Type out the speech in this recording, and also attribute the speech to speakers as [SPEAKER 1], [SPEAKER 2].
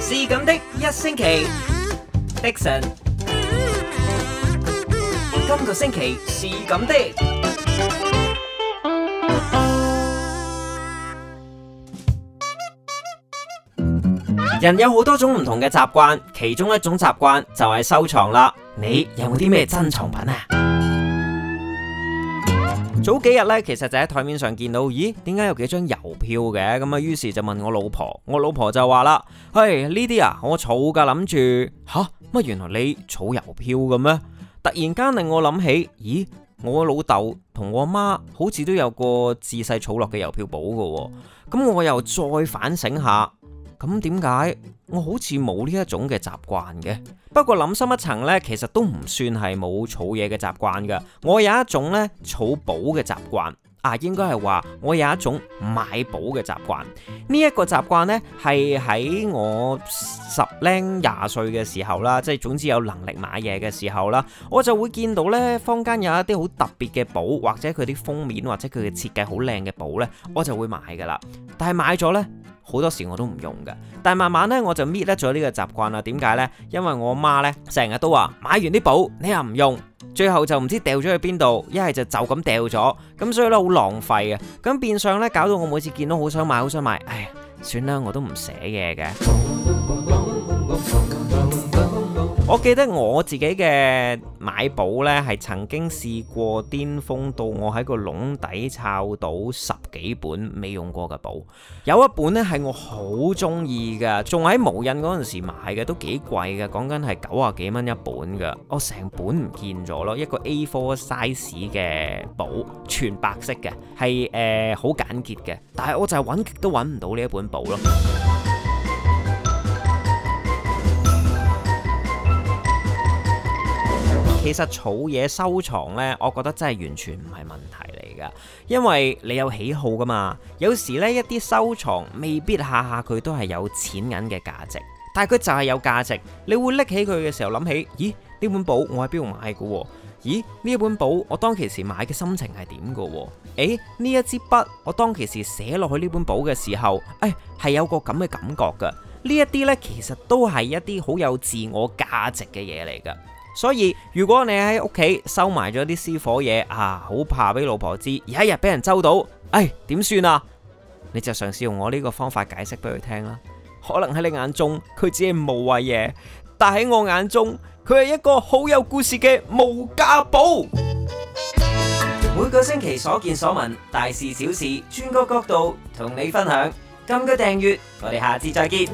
[SPEAKER 1] 是咁 的一星期，Dixon。Ixon, 今個星期是咁的。 人有好多種唔同嘅習慣，其中一種習慣就係收藏啦。你有冇啲咩珍藏品啊？早幾日呢，其實就喺台面上見到，咦？點解有幾張郵票嘅？咁啊，於是就問我老婆，我老婆就話啦：係呢啲啊，我儲噶，諗住吓乜？原來你儲郵票咁咩？突然間令我諗起，咦？我老豆同我阿媽好似都有個自細儲落嘅郵票簿噶，咁我又再反省下。咁點解？我好似冇呢一種嘅習慣嘅。不過諗深一層呢，其實都唔算係冇儲嘢嘅習慣㗎。我有一種呢，儲寶嘅習慣。啊，應該係話我有一種買寶嘅習慣。呢一個習慣呢，係喺我十零廿歲嘅時候啦，即係總之有能力買嘢嘅時候啦，我就會見到呢，坊間有一啲好特別嘅寶，或者佢啲封面或者佢嘅設計好靚嘅寶呢，我就會買㗎啦。但係買咗呢。好多時我都唔用嘅，但係慢慢呢，我就搣甩咗呢個習慣啦。點解呢？因為我媽呢，成日都話買完啲簿，你又唔用，最後就唔知掉咗去邊度，一係就就咁掉咗，咁所以呢好浪費呀。咁變相呢，搞到我每次見到好想買，好想買，哎呀算啦，我都唔寫嘢嘅。我記得我自己嘅買簿呢，係曾經試過巔峰到我喺個籠底抄到十幾本未用過嘅簿。有一本呢，係我好中意嘅，仲喺無印嗰陣時買嘅，都幾貴嘅，講緊係九啊幾蚊一本噶。我成本唔見咗咯，一個 A4 size 嘅簿，全白色嘅，係誒好簡潔嘅，但係我就係搵極都搵唔到呢一本簿咯。其實儲嘢收藏呢，我覺得真係完全唔係問題嚟噶，因為你有喜好噶嘛。有時呢，一啲收藏未必下下佢都係有錢銀嘅價值，但係佢就係有價值。你會拎起佢嘅時候諗起，咦，呢本簿我喺邊度買噶喎？咦，呢一本簿我當其時買嘅心情係點噶？誒，呢一支筆我當其時寫落去呢本簿嘅時候，誒、哎、係有個咁嘅感覺噶。呢一啲呢，其實都係一啲好有自我價值嘅嘢嚟噶。所以如果你喺屋企收埋咗啲私伙嘢啊，好怕俾老婆知，而一日俾人揪到，唉、哎，點算啊？你就嘗試用我呢個方法解釋俾佢聽啦。可能喺你眼中佢只係無謂嘢，但喺我眼中佢係一個好有故事嘅無價寶。每個星期所見所聞，大事小事，轉個角度同你分享。撳個訂閱，我哋下次再見。